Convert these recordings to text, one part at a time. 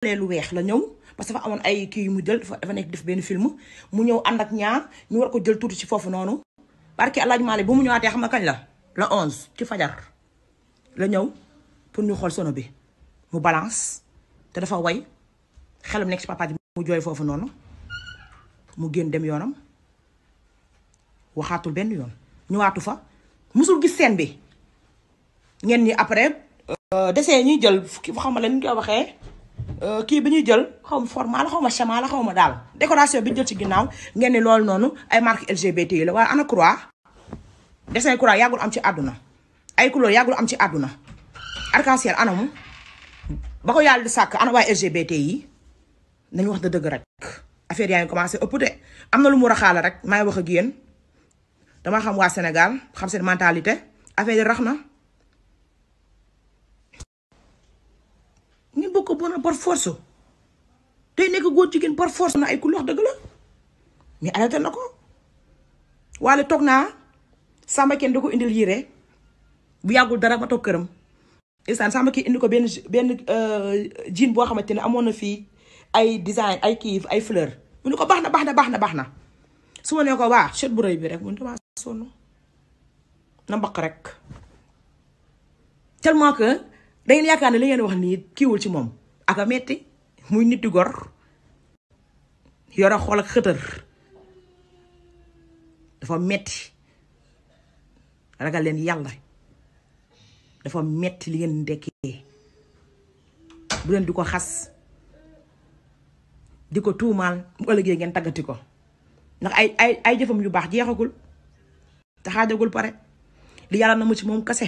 lee lu la ñëw parce que dafa amoon ay kii yu mu jël dafa nekk def benn film mu ñëw ànd ak ñaar ñu war ko jël tuuti ci foofu noonu barki alaaj maale bu mu ñëwaatee xam nga kañ la la 11 ci fajar la ñëw pour ñu xool sono bi mu balance te dafa way xelam nekk ci papa ji mu jooy foofu noonu mu génn dem yoonam waxaatul benn yoon ñëwaatu fa mësul gis seen bi ngeen ni après euh, dessin ñuy jël fukki xam nga leen ñu koy waxee Euh, kii bi ñuy jël xaw ma format la xaw ma schéma la xaw ma daal décoration bi ñu jël ci ginnaaw ngeen ni loolu noonu ay marque LGBT la waaye ana croix dessin croix yàggul am ci àdduna ay couleur yàggul am ci àdduna arc-en-ciel ba ko yàlla di sàkk ana waa LGBT yi nañu wax da dëgg rek affaire yaa ngi commencé ëpp de am na lu mu raxaale rek maay wax a yéen dama xam waa Sénégal xam seen mentalité affaire yi rax na. bon par force tey nekk góor jigéen par force na ay ku lox dëgg la na ko waale toog naa sàmba kenn ko indil yére bu yàggul dara ma toog këram instant sàmba ki indi ko benn benn euh, jean boo xamante ne amoon na fii ay design ay kii ay fleur mu ne ko baax na baax na baax na baax na su ma ko waa chet bu rëy bi rek mu ne damaa sonn na mbaq rek tellement que da na yaakaar ne li ngeen wax nii kiiwul ci moom ak a metti muy nitti di gor yore xool ak xëtër dafa metti ragal leen yàlla dafa metti li ngeen ndekkee bu leen di ko xas di ko tuumaal mu ëllëgee ngeen taggati ko ndax ay ay ay jëfam yu baax jeexagul te xaajagul pare li yàlla na mu ci moom kase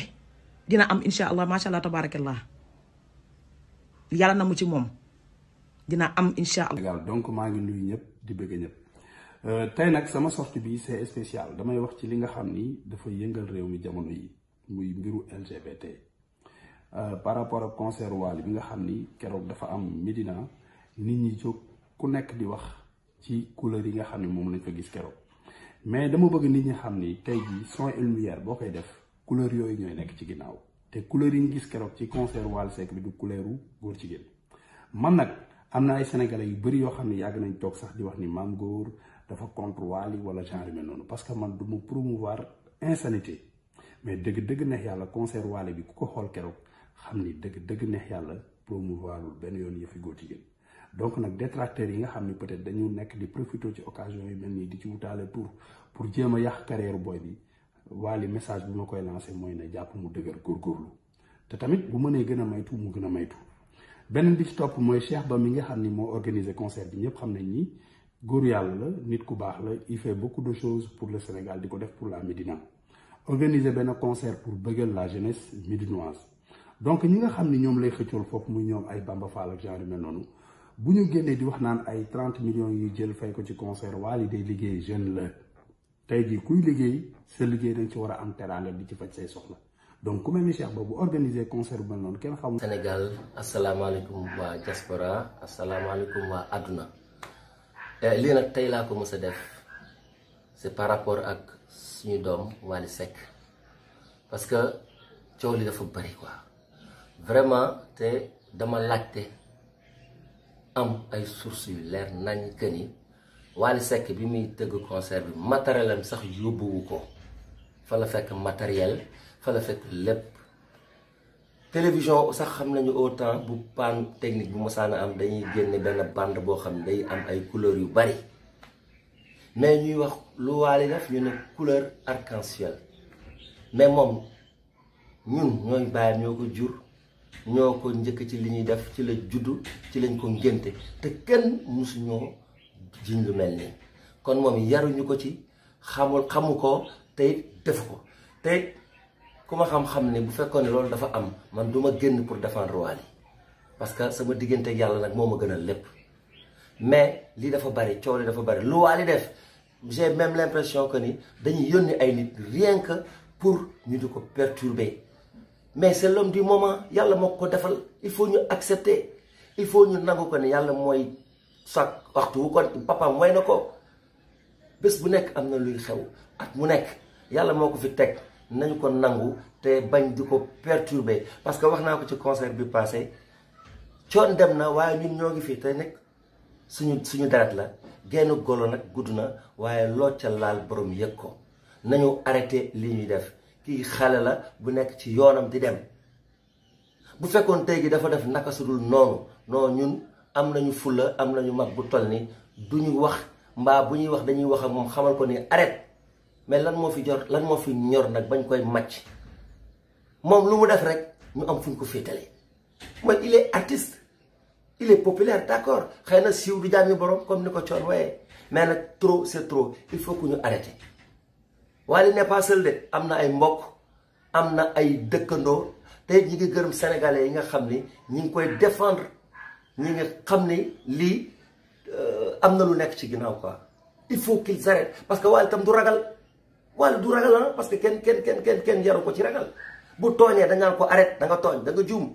dina am incha allah macha allah tabarakallah yàlla na mu ci moom dina am incha allah. donc maa ngi nuyu ñëpp di bëgg ñëpp euh, tey nag sama sortie bi c'est spécial damay wax ci li nga xam ni dafa yëngal réew mi jamono yi muy mbiru LGBT euh, par rapport ak concert bi nga xam ni keroog dafa am Médina nit ñi jóg ku nekk di wax ci couleur yi nga xam ni moom lañ fa gis keroog mais dama bëgg nit ñi xam ni tey jii son et boo koy def couleur yooyu ñooy nekk ci ginnaaw. te couleur yi ñu gis keroog ci concert Wally Seck bi du couleuru góor jigéen man nag am na ay sénégalais yu bëri yoo xam ne yàgg nañ toog sax di wax ni maam góor dafa contre Wally wala genre mel noonu parce que man du mu promouvoir insanité mais dëgg dëgg neex yàlla concert Wally bi ku ko xool keroog xam ni dëgg dëgg neex yàlla promouvoirul benn yoon yëfi góor jigéen donc nag détracteurs yi nga xam ne peut-être dañu nekk di profité ci occasion yi mel nii di ci wutaale tour pour jéem a yàq carrière booy bi waali message bu ma koy lancé mooy na jàpp mu dëgër góorgóorlu te tamit bu mënee gën a maytu mu gën a maytu beneen bi ci topp mooy Cheikh Ba mi nga xam ni moo organisé concert bi ñëpp xam nañ ni góor yàlla la nit ku baax la il fait beaucoup de choses pour le Sénégal di ko def pour la Médina organiser benn concert pour bëggal la jeunesse médinoise donc ñi nga xam ni ñoom lay xëccool foofu muy ñoom ay Bamba Fall ak genre mel noonu bu ñu génnee di wax naan ay trente millions yuy jël fay ko ci concert waali day liggéey jeune la. tey jii kuy liggéey sa liggéey dañ ci war a am teraanga di ci faj say soxla donc ku mel ni Cheikh boobu organiser concert bu mel noonu kenn xamul. Sénégal asalaamaaleykum waa diaspora asalaamaaleykum waa àdduna eh, lii nag tey laa ko mës a def c'est par rapport ak suñu doom Wally Seck parce que coow li dafa bari quoi vraiment te dama laajte am ay sources yu leer nañ que ni. Wally sekk bi muy tëgg concert bi matériel am sax yóbbuwu ko fa la fekk matériel fa la fekk lépp télévision sax xam nañu au temps bu panne technique bu mosaan a am dañuy génne benn bande boo xam ne day am ay couleur yu bari mais ñuy wax lu Wally def ñu ne couleur arc mais moom ñun ñooy bàyyi ñoo ko jur ñoo ko njëkk ci li ñuy def ci la juddu ci lañ ko ngénte te kenn mësuñoo jiñ lu mel nii kon moom yaruñu ko ci xamul xamu ko tey def ko te ku ma xam-xam ne bu fekkoon ne loolu dafa am man duma génn pour défendre Wally parce que sama diggante yàlla nag moo ma gënal lépp mais lii dafa bari coow li dafa bari lu Wally def j'ai même l'impression que ni dañuy yónni ay nit rien que pour ñu du ko perturber mais c'est l'homme du moment yàlla moo ko defal il faut ñu accepter il faut ñu nangu ko ne yàlla mooy sàkk waxtu wu ko papaam way na ko bés bu nekk am na luy xew at mu nekk yàlla moo ko fi teg nañu ko nangu te bañ di ko perturber parce que wax naa ko ci concert bi passé coon dem na waaye ñun ñoo ngi fii te nekk suñu suñu deret la genn golo nag gudd na waaye loo ca laal borom yëg ko nañu arrêté li ñuy def kii xale la bu nekk ci yoonam di dem bu fekkoon tey gi dafa def naka sudul noonu non ñun am nañu fulla am na ñu mag bu toll ni duñu wax mbaa bu ñuy wax dañuy wax ak moom xamal ko ni arrête mais lan moo fi jor lan moo fi ñor nag bañ koy màcc moom lu mu def rek ñu am fu ñu ko féetale mooy il est artiste il est populaire d'accord xëy na siiw du jàmmi borom comme ni ko coon waaye mais nag trop c'est trop il faut que ñu arrêté Wally n'est pas de am na ay mbokk am na ay dëkkandoo te it ñi ngi gërëm sénégalais yi nga xam ni ñi ngi koy défendre ñu ngi xam ni lii euh, am na lu nekk ci ginnaaw quoi il faut qu'ils arrêtent parce que Wally tam du ragal Wally du ragal la ah, parce que kenn kenn kenn kenn kenn yaru ko ci ragal bu tooñee dañaan ko arrête da tooñ da nga juum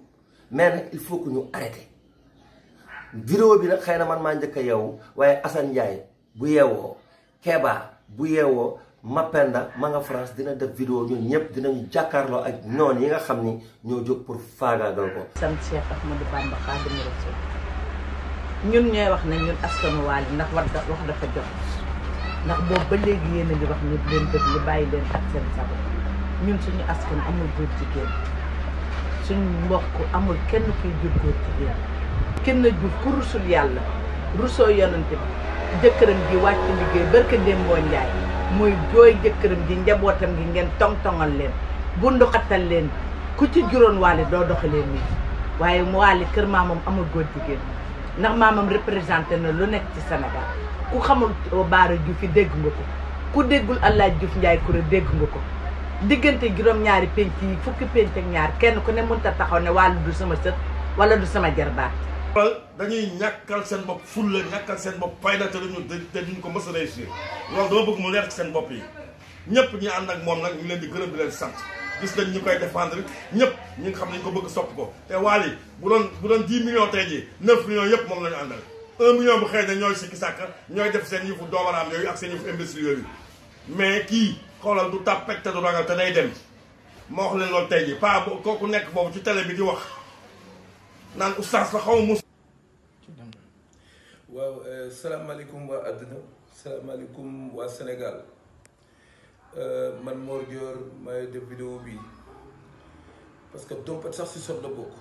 mais nag il faut que ñu arrêté vidéo bi nag xëy na man maa njëkk a yeewu waaye Assane Ndiaye bu yeewoo Keba bu yeewoo Mapenda ma nga France dina def vidéo ñun ñëpp dinañu jàkkaarloo ak ñoon yi nga xam ni ñoo jóg pour faagaagal ko. sam Cheikh Ahmadou Bamba Xaadimu Rasuul ñun ñooy wax ne ñun askanu waal yi ndax war wax dafa jot ndax boobu ba léegi yéen a ngi wax ñu leen bàyyi leen ak seen sabo ñun suñu askan amul góor jigéen suñu mbokk amul kenn kuy jur góor jigéen kenn jur ku rusul yàlla rusoo yonante bi jëkkëram gi wàcc liggéey barka démboo Njaay muy jooy jëkkëram gi njabootam gi ngeen tong-tongal leen bunduxatal leen ku ci juróon waale doo doxalee nii waaye mu waale kër maamam amul góor jigéen ndax maamam représenté na lu nekk ci Sénégal ku xamul Baara Diouf yi dégg nga ko ku déggul Alla Diouf Ndiaye Koura dégg nga ko diggante juróom-ñaari penc yi fukki penc ak ñaar kenn ku ne mënut a taxaw ne wàllu du sama sët wala du sama jarbaat ñàkkal dañuy ñàkkal seen bopp fulla ñàkkal seen bopp fayda te duñu te duñ ko mës a réussir loolu dama bëgg mu leer seen bopp yi ñëpp ñi ànd ak moom nag ñu leen di gërëm di leen sant gis nañ ñu koy défendre ñëpp ñi nga xam ne ñu ko bëgg sopp ko te Wally bu doon bu doon 10 millions tey jii 9 millions yëpp moom la ñu àndal million bu xëy na ñooy sikki sàkk ñooy def seen yëfu doomaraam yooyu ak seen yëfu imbécile yooyu mais kii xoolal du tàppeg te du ragal waaw eh, salaamaaleykum waa àdduna salaamaaleykum waa Sénégal eh, man Mor Dior may def vidéo bi parce que doom pat sax si sot la bokk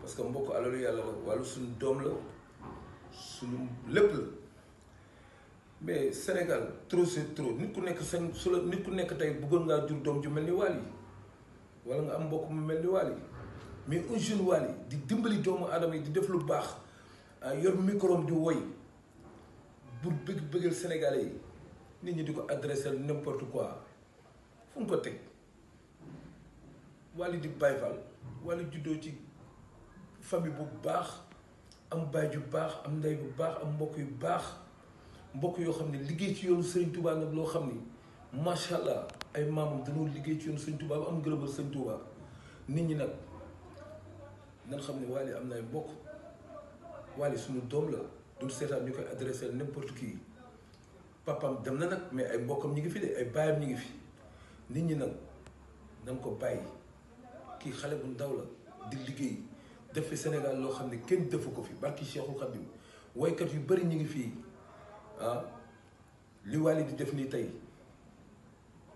parce que mbokk alalu yàlla la wàllu suñu doom la suñu lépp la mais Sénégal trop c'est trop nit ku nekk sañ su la nit ku nekk tey bëggoon ngaa jur doom ju mel ni Wally wala nga am mbokk mu mel ni Wally mais un jeune Wally di dimbali doomu aadama yi di def lu baax Euh, yor micro di woy bu bëgg bëggal Sénégalais yi nit ñi di ko adressé n'importe quoi fu nga ko teg walla di Baay Faal walla juddoo ci famille bu baax am baay ju baax am ndey bu baax am mbokk yu baax mbokk yoo xam ne liggéey ci yoonu Sëriñ Tuubaa nag loo xam ni macha allah ay maamam dañoo liggéey ci yoonu Sëriñ Tuubaa ba am gërëmal Sëriñ Tuubaa nit ñi nag nan xam ne Wally am na ay mbokk Wally suñu doom la duñ seetaan ñu koy adressé n'importe qui papam dem na nag mais ay mbokkam ñi ngi fi de ay baayam ñu ngi fi nit ñi nag nañ ko bàyyi kii xale bu ndaw la di liggéey def fi Sénégal loo xam ne kenn defu ko fi barki Cheikhul Khadim woykat yu bari ñu ngi fii ah li Wally di def nii tey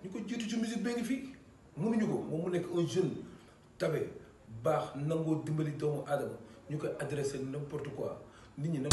ñu ko jiitu ci musique bee ngi fii mënuñu ko moom mu nekk un jeune tabe baax nangoo dimbali doomu aadama ñu koy adressé n'importe quoi nit ñi nag